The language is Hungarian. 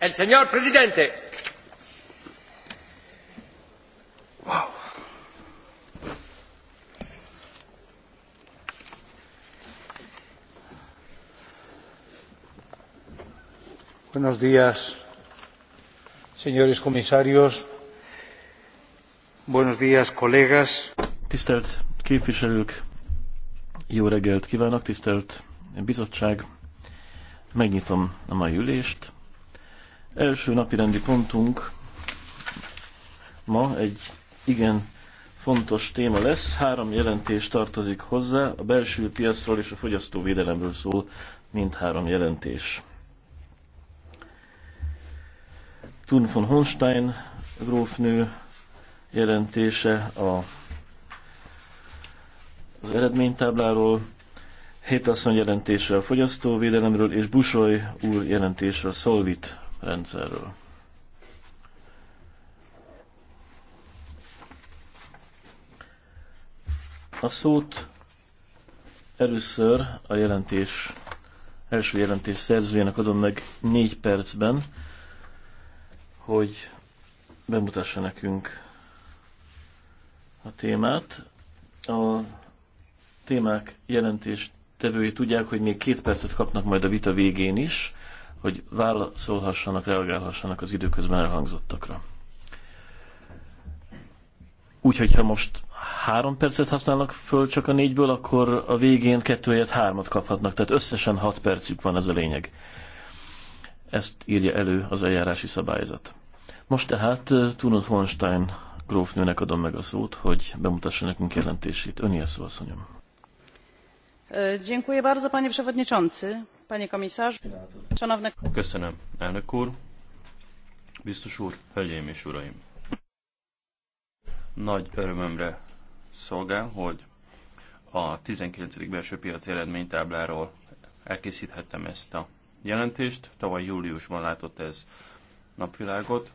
El señor presidente. Wow. Buenos días, señores comisarios. Buenos días, colegas. Tisztelt képviselők, jó reggelt kívánok, tisztelt bizottság. Megnyitom a mai ülést. Első napi rendi pontunk ma egy igen fontos téma lesz. Három jelentés tartozik hozzá, a belső piacról és a fogyasztóvédelemről szól mindhárom jelentés. Thun von Honstein grófnő jelentése a, az eredménytábláról, Hétasszony jelentése a fogyasztóvédelemről, és Busoly úr jelentése a Szolvit rendszerről. A szót először a jelentés, első jelentés szerzőjének adom meg négy percben, hogy bemutassa nekünk a témát. A témák jelentés tevői tudják, hogy még két percet kapnak majd a vita végén is, hogy válaszolhassanak, reagálhassanak az időközben elhangzottakra. Úgyhogy ha most három percet használnak föl csak a négyből, akkor a végén kettőjét hármat kaphatnak, tehát összesen hat percük van ez a lényeg. Ezt írja elő az eljárási szabályzat. Most tehát eh, Tunut Hornstein grófnőnek adom meg a szót, hogy bemutassa nekünk jelentését. Öni a szó, asszonyom. Dziękuję bardzo, panie przewodniczący. Pani komisarz, Köszönöm, elnök úr, biztos úr, hölgyeim és uraim. Nagy örömömre szolgál, hogy a 19. belső piaci eredménytábláról elkészíthettem ezt a jelentést. Tavaly júliusban látott ez napvilágot.